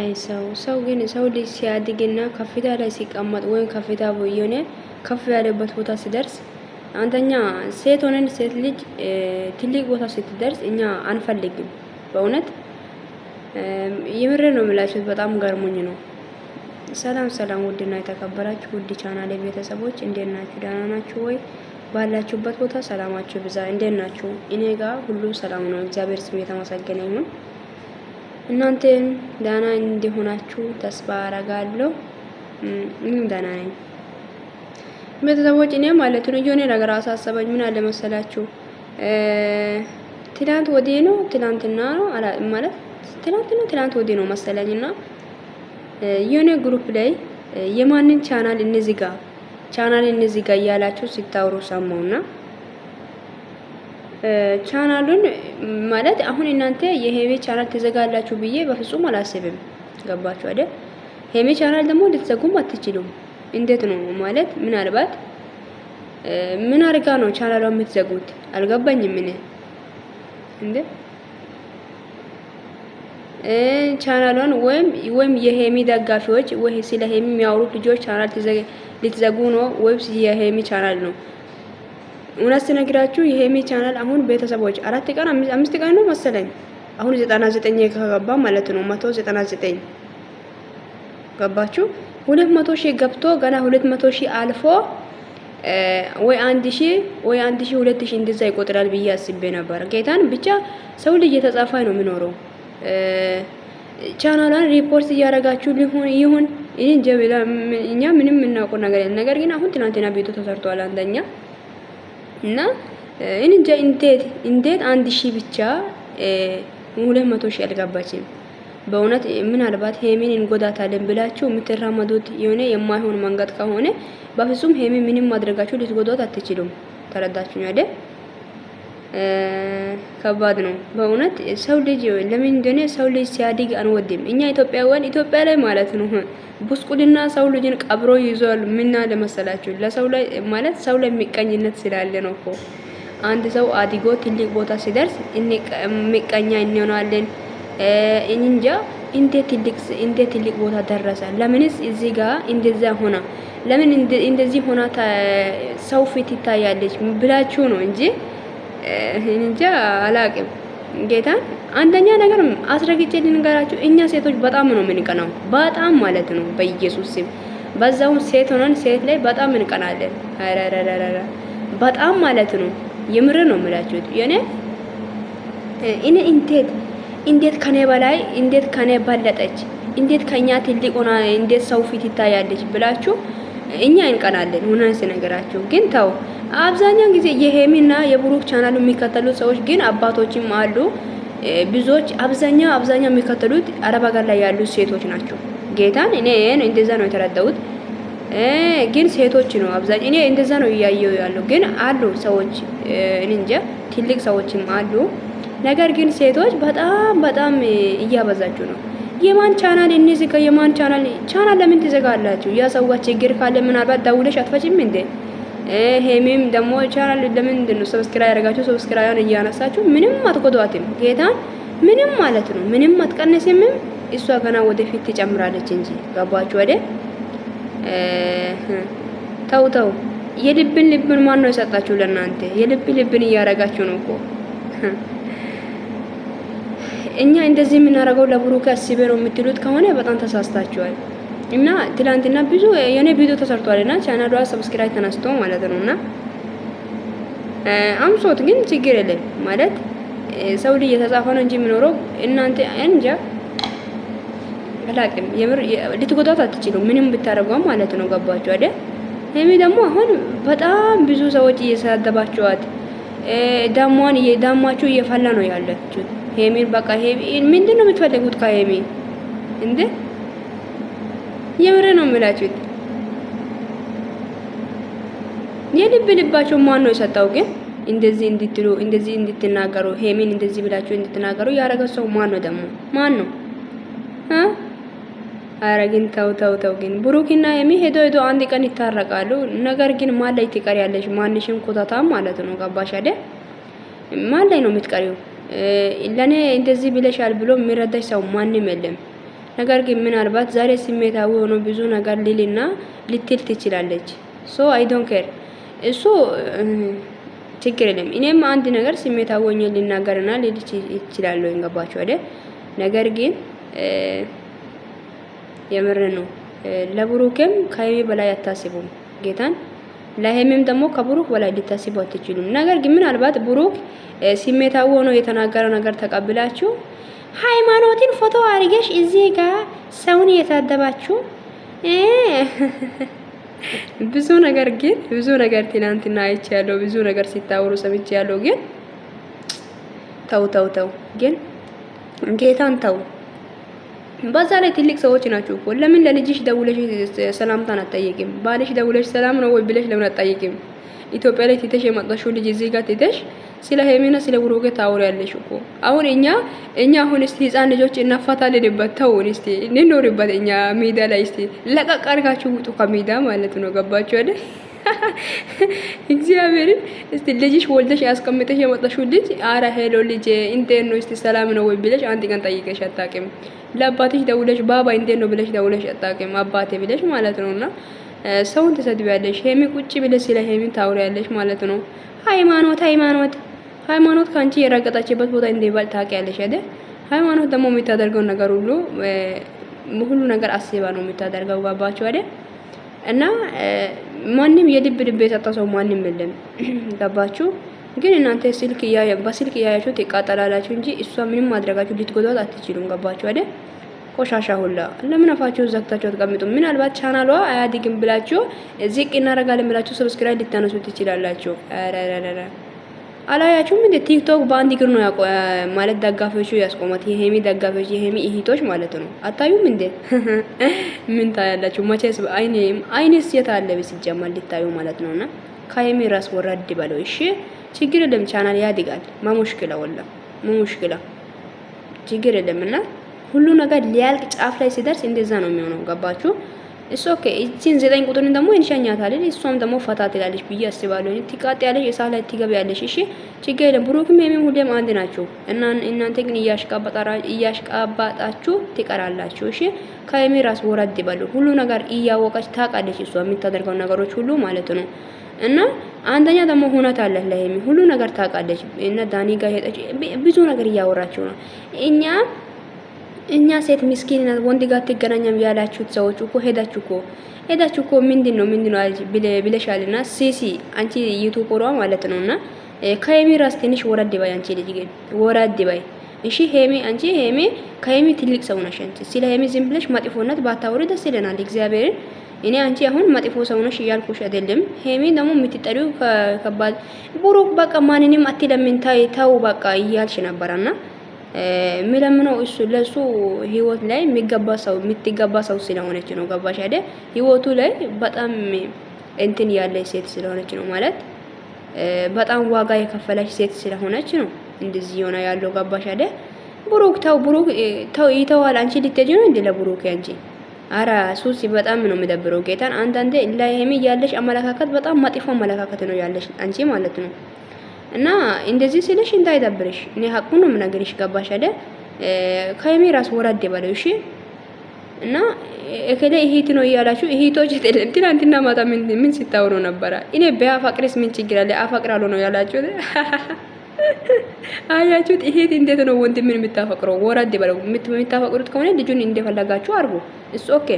አይ ሰው ሰው ግን ሰው ልጅ ሲያድግና ከፍታ ላይ ሲቀመጥ ወይም ከፍታ የሆነ ከፍ ያለበት ቦታ ሲደርስ አንተኛ ሴት ሆነን ሴት ልጅ ትልቅ ቦታ ስትደርስ እኛ አንፈልግም። በእውነት የምር ነው የምላችሁት። በጣም ገርሞኝ ነው። ሰላም ሰላም፣ ውድና የተከበራችሁ ውድ ቻናሌ ቤተሰቦች እንዴት ናችሁ? ደህና ናችሁ ወይ? ባላችሁበት ቦታ ሰላማችሁ ብዛ። እንዴት ናችሁ? እኔ ጋር ሁሉም ሰላም ነው። እግዚአብሔር ስም የተመሰገነ ይሁን። እናንተም ደህና እንዲሆናችሁ ተስፋ አረጋለሁ። እኔም ደህና ነኝ። ቤተሰቦች እኔ ማለት ነው የሆነ ነገር አሳሰበኝ። ምን አለ መሰላችሁ? ትላንት ወዲህ ነው ትላንትና ነው አላ ማለት ትላንት ነው ትላንት ወዲህ ነው መሰለኝና የሆነ ግሩፕ ላይ የማንን ቻናል እንዚጋ ቻናል እንዚጋ እያላችሁ ሲታወሩ ሰማውና ቻናሉን ማለት አሁን እናንተ የሄሜ ቻናል ትዘጋላችሁ ብዬ በፍጹም አላስብም። ገባችሁ አይደል? ሄሜ ቻናል ደግሞ ልትዘጉም አትችሉም። እንዴት ነው ማለት ምናልባት ምን አድርጋ ነው ቻናሉን የምትዘጉት? አልገባኝም። ምን እ ቻናሏን ወይም ወይም የሄሚ ደጋፊዎች ወይ ስለ ሄሚ የሚያወሩት ልጆች ቻናል ልትዘጉ ነው ወይስ የሄሚ ቻናል ነው እውነት ስነግራችሁ የሄሜ ቻናል አሁን ቤተሰቦች አራት ቀን አምስት ቀን ነው መሰለኝ አሁን ዘጠና ዘጠኝ ከገባ ማለት ነው መቶ ዘጠና ዘጠኝ ገባችሁ ሁለት መቶ ሺህ ገብቶ ገና ሁለት መቶ ሺህ አልፎ ወይ አንድ ሺህ ወይ አንድ ሺህ ሁለት ሺህ እንደዛ ይቆጥራል ብዬ አስቤ ነበር። ጌታን ብቻ ሰው ልጅ የተጻፈ ነው የሚኖረው። ቻናሏን ሪፖርት እያደረጋችሁ ሊሆን ይሁን ይህን ጀብላ እኛ ምንም የምናውቀው ነገር ነገር ግን አሁን ትናንትና ቤቱ ተሰርቷል አንደኛ እና እኔ እንጃ እንዴት እንዴት አንድ ሺ ብቻ ሁለት መቶ ሺ አልገባችም። በእውነት ምናልባት ሄሚን እንጎዳታለን ብላችሁ የምትራመዱት የሆነ የማይሆን መንገድ ከሆነ በፍጹም ሄሚን ምንም ማድረጋችሁ ልትጎዷት አትችሉም። ተረዳችሁኝ አይደል? ከባድ ነው በእውነት ሰው ልጅ ለምን እንደሆነ ሰው ልጅ ሲያድግ አንወድም። እኛ ኢትዮጵያውያን ኢትዮጵያ ላይ ማለት ነው ቡስቁልና ሰው ልጅን ቀብሮ ይዟል። ምና ለመሰላችሁ ለሰው ላይ ማለት ሰው ላይ የሚቀኝነት ስላለ ነው እኮ አንድ ሰው አድጎ ትልቅ ቦታ ሲደርስ የሚቀኛ እንሆናለን። እንጃ እንዴት ትልቅ እንዴት ትልቅ ቦታ ደረሰ? ለምንስ እዚህ ጋር እንደዛ ሆና ለምን እንደዚህ ሆና ሰው ፊት ይታያለች ብላችሁ ነው እንጂ እንጃ አላቅም። ጌታ አንደኛ ነገር አስረግጬ ልንገራችሁ፣ እኛ ሴቶች በጣም ነው የምንቀናው፣ በጣም ማለት ነው በኢየሱስ ስም። በዛው ሴት ሆነን ሴት ላይ በጣም እንቀናለን፣ በጣም ማለት ነው። የምር ነው የምላችሁት። የኔ እኔ እንዴት እንዴት ከኔ በላይ እንዴት ከኔ በለጠች እንዴት ከኛ ትልቅ ሆና እንዴት ሰው ፊት ይታያለች ብላችሁ እኛ እንቀናለን። ሆነን ስነግራችሁ ግን ተው አብዛኛውን ጊዜ የሄሚና የብሩክ ቻናል የሚከተሉ ሰዎች ግን አባቶችም አሉ። ብዙዎች አብዛኛው አብዛኛው የሚከተሉት አረብ ሀገር ላይ ያሉ ሴቶች ናቸው። ጌታን እኔ እንደዛ ነው የተረዳሁት። ግን ሴቶች ነው አብዛኛው እኔ እንደዛ ነው እያየው ያሉ። ግን አሉ ሰዎች እንጃ ትልቅ ሰዎችም አሉ። ነገር ግን ሴቶች በጣም በጣም እያበዛችሁ ነው። የማን ቻናል እንዝጋ? የማን ቻናል ቻናል ለምን ትዘጋላችሁ? ያ ሰዎች ችግር ካለ ምናልባት ደውለሽ አትፈጭም እንዴ? ሄሚም ደግሞ ቻናል ለምንድን ነው ሰብስክራይብ ያደርጋችሁ? ሰብስክራይብ እያነሳችሁ ምንም አትጎዷትም። ጌታን ምንም ማለት ነው ምንም አትቀነስም። እሷ ገና ወደፊት ትጨምራለች እንጂ ገባችሁ ወደ ተው ተው። የልብን ልብን ማን ነው የሰጣችሁ ለእናንተ? የልብ ልብን እያደረጋችሁ ነው እኮ እኛ እንደዚህ የምናደርገው ለብሩክ አስቤ ነው የምትሉት ከሆነ በጣም ተሳስታችኋል። እና ትላንትና ብዙ የኔ ቪዲዮ ተሰርቷል እና ቻናሏ ሰብስክራይብ ተነስቶ ማለት ነው። እና አምሶት ግን ችግር የለም ማለት ሰው ልጅ የተጻፈ ነው እንጂ የሚኖረው እናንተ እንጃ አላቅም። የምር ልትጎዳት አትችሉ ምንም ብታደርጓ ማለት ነው። ገባችሁ አይደል? ሀይሚ ደግሞ አሁን በጣም ብዙ ሰዎች እየሰደባችኋት ዳሟን እየዳማችሁ እየፈላ ነው ያለችሁት። ሀይሚን በቃ ሀይሚ ምንድን ነው የምትፈልጉት ከሀይሚ እንዴ? የምሬ ነው የምላችሁት። የልብ ልባቸው ማን ነው የሰጠው ግን እንደዚህ እንድትሉ እንደዚህ እንድትናገሩ ሄሚን እንደዚህ ብላችሁ እንድትናገሩ ያረገ ሰው ማን ነው ደግሞ ማን ነው? ኧረ ግን ተው ተው ተው ግን ብሩክና ሄሚ ሄዶ ሄዶ አንድ ቀን ይታረቃሉ። ነገር ግን ማን ላይ ያለሽ? ማንሽን ኮታታም ማለት ነው። ገባሽ አይደል? ማን ላይ ነው የምትቀሪው? ለእኔ እንደዚህ ብለሻል ብሎ የሚረዳሽ ሰው ማንም የለም። ነገር ግን ምናልባት ዛሬ ስሜታዊ ሆኖ ብዙ ነገር ሊልና ልትል ትችላለች። ሶ አይ ዶንት ኬር እሱ ችግር የለም። እኔም አንድ ነገር ስሜታዊ ሆኜ ልናገርና ልል ወይ ገባችሁ አይደል? ነገር ግን የምር ነው ለብሩክም ከሀይሚ በላይ አታስቡም ጌታን ለሀይሚም ደግሞ ከብሩክ በላይ ልታስቡ አትችሉም። ነገር ግን ምናልባት ብሩክ ስሜታዊ ሆኖ የተናገረ ነገር ተቀብላችሁ ሃይማኖትን ፎቶ አርገሽ እዚህ ጋር ሰውን እየታደባችሁ ብዙ ነገር ግን ብዙ ነገር ትናንትና አይቼ ያለው ብዙ ነገር ሲታወሩ ሰምቼ ያለው ግን ተው ተው ተው ግን ጌታን ተው። በዛ ላይ ትልቅ ሰዎች ናቸው እኮ። ለምን ለልጅሽ ደውለሽ ሰላምታን አጠየቅም? ባልሽ ደውለሽ ሰላም ነው ወይ ብለሽ ለምን አጠየቅም? ኢትዮጵያ ላይ ትተሽ የመጣሽው ልጅ እዚህ ጋር ትተሽ ስለ ሄሜና ስለ ብሩኬ ታወሪያለሽ እኮ። አሁን እኛ እኛ አሁን እስቲ ህፃን ልጆች እናፋታልንበት፣ ተውን እስቲ እንኖርበት እኛ ሜዳ ላይ እስቲ ለቀቅ አድርጋችሁ ውጡ ከሜዳ ማለት ነው። ገባችሁ አይደል? እግዚአብሔርን እስቲ ልጅሽ ወልደሽ ያስቀምጠሽ የመጣሽው ልጅ አረ ሄሎ ልጅ እንዴት ነው እስቲ ሰላም ነው ወይ ብለሽ አንድ ቀን ጠይቀሽ አታውቂም። ለአባትሽ ደውለሽ ባባ እንዴት ነው ብለሽ ደውለሽ አታውቂም፣ አባቴ ብለሽ ማለት ነውና ሰውን ትሰድቢያለሽ። ሄሚ ቁጭ ብለሽ ስለ ሄሚ ታውሪያለሽ ማለት ነው። ሃይማኖት ሃይማኖት ሃይማኖት ከአንቺ የረገጣችበት ቦታ እንደሚባል ታውቂያለሽ አይደል? ሃይማኖት ደግሞ የምታደርገው ነገር ሁሉ ሁሉ ነገር አስባ ነው የምታደርገው። ገባችሁ አይደል? እና ማንም የልብ ልብ የሰጠ ሰው ማንም የለም። ገባችሁ? ግን እናንተ ስልክ እያያ በስልክ እያያችሁ ትቃጠላላችሁ እንጂ እሷ ምንም ማድረጋችሁ ልትጎዷት አትችሉም። ገባችሁ አይደል? ቆሻሻ ሁላ ለምን አፋችሁ ዘግታችሁ አትቀምጡ? ምናልባት ቻናሏ አያድግም ብላችሁ እዚህ እናረጋለን ብላችሁ ሰብስክራይብ ልታነሱ ትችላላችሁ። አላያችሁም እንደ ቲክቶክ በአንድ እግር ነው ማለት ደጋፊዎቹ ያስቆማት የሄሚ ደጋፊዎች የሄሚ እህቶች ማለት ነው። አታዩም እንደ ምን ታያላችሁ? መቼስ አይኔስ የት አለ ሲጀመር ሊታዩ ማለት ነውና ከሄሚ ራስ ወረድ በለው። እሺ ችግር የለም ቻናል ያድጋል። ማሙሽክላ ወላ ማሙሽክላ ችግር የለምና ሁሉ ነገር ሊያልቅ ጫፍ ላይ ሲደርስ እንደዛ ነው የሚሆነው። ገባችሁ? እሱ ኦኬ። እቺን ዘጠኝ ቁጥርን ደግሞ እንሸኛታለን። እሷም ደግሞ ፈታ ትላለች ብዬ አስባለሁ። ያለሽ እሳ ላይ ያለሽ እሺ ችግር የለም። ብሩክም የሚም ሁሌም አንድ ናቸው እና እናንተ ግን እያሽቃባጣችሁ ትቀራላችሁ። እሺ ከየሚ ራስ ወረድ ይበሉ። ሁሉ ነገር እያወቀች ታውቃለች፣ እሷ የምታደርገው ነገሮች ሁሉ ማለት ነው። እና አንደኛ ደግሞ ሁነት አለ ለየሚ ሁሉ ነገር ታውቃለች። እና ዳኒ ጋር ሄጠች ብዙ ነገር እያወራችሁ ነው እኛ እኛ ሴት ምስኪን ናት ወንድ ጋር ትገናኛም ያላችሁት ሰዎች እኮ ሄዳችሁ እኮ ሄዳችሁ እኮ ምንድን ነው ምንድን ነው ብለሻል። ና ሲሲ አንቺ ዩቱፖሯ ማለት ነው እና ከየሚ ራስ ትንሽ ወረድ ባይ አንቺ ልጅ ግን ወረድ ባይ እሺ ሄሚ አንቺ ሄሚ ከሄሚ ትልቅ ሰው ነሽ። አንቺ ስለ ሄሚ ዝም ብለሽ መጥፎነት ባታወሪ ደስ ይለናል። እግዚአብሔርን እኔ አንቺ አሁን መጥፎ ሰው ነሽ እያልኩሽ አይደለም። ሄሚ ደግሞ የምትጠሪው ከባድ ቡሩክ በቃ ማንንም አትለምን ታይ ተው በቃ እያልሽ ነበረና ምለምነው እሱ ለሱ ህይወት ላይ የሚገባ ሰው የምትገባ ሰው ስለሆነች ነው። ገባሽ አይደል? ህይወቱ ላይ በጣም እንትን ያለ ሴት ስለሆነች ነው ማለት በጣም ዋጋ የከፈለች ሴት ስለሆነች ነው እንደዚህ ሆነ ያለው። ገባሽ አይደል? ብሩክ ተው፣ ብሩክ ተው፣ ይተዋል። አንቺ ልትሄጂ ነው እንዴ ለብሩክ? አንቺ አራ ሱሲ በጣም ነው የሚደብረው ጌታን። አንዳንዴ ለሀይሚ ያለሽ አመለካከት በጣም መጥፎ አመለካከት ነው ያለሽ አንቺ ማለት ነው። እና እንደዚህ ሲልሽ እንዳይደብርሽ፣ እኔ ሀቁ ነው የምነግርሽ። ገባሽ አይደል? ከእኔ ራስ ወራድ የበለው እሺ። እና እከለ እህት ነው እያላችሁ እህቶች፣ ትናንትና ማታ ምን ምን ሲታወሩ ነበረ? እኔ በአፋቅሬስ ምን ችግር አለ? አፋቅራለሁ ነው ያላችሁ። አያችሁት? እህት እንዴት ነው ወንድምን የምታፈቅረው? ወራድ የበለው። የምታፈቅሩት ከሆነ ልጁን እንደፈለጋችሁ አርጉ። እሱ ኦኬ።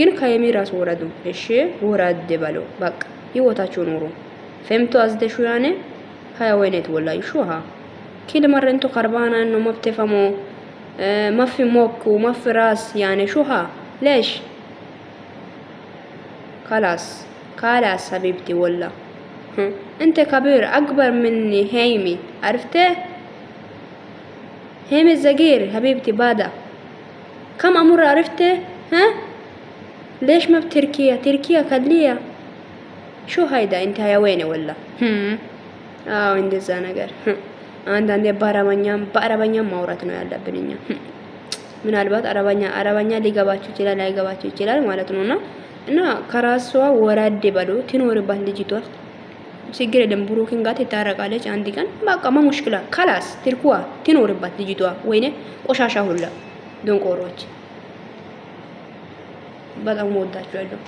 ግን ከእኔ ራስ ወረዱ። እሺ፣ ወራድ የበለው። በቃ ህይወታችሁ ኑሩ። ፈምቶ አዝደሹ ያኔ حيوانات ولا يشوها كل مرة انتو خربانة انه ما بتفهموا اه ما في موك وما في راس يعني شوها ليش خلاص خلاص حبيبتي ولا انت كبير اكبر مني هيمي عرفتي هيمي الزجير حبيبتي بادا كم امر عرفتي ها ليش ما بتركيا تركيا كدلية شو هيدا انت هيواني ولا هم አዎ እንደዛ ነገር አንዳንዴ በአረበኛም በአረበኛም ማውራት ነው ያለብን እኛ። ምናልባት አረበኛ አረበኛ ሊገባችሁ ይችላል ላይገባችሁ ይችላል ማለት ነውና እና ከራሷ ወራዴ በሉ ትኖርባት ልጅቷ ችግር የለም። ብሩክን ጋር ትታረቃለች አንድ ቀን በቃ ማ ሙሽክላ ካላስ ትልኩዋ ትኖርባት ልጅቷ። ወይኔ ቆሻሻ ሁላ ደንቆሮች፣ በጣም ወዳችኋለሁ።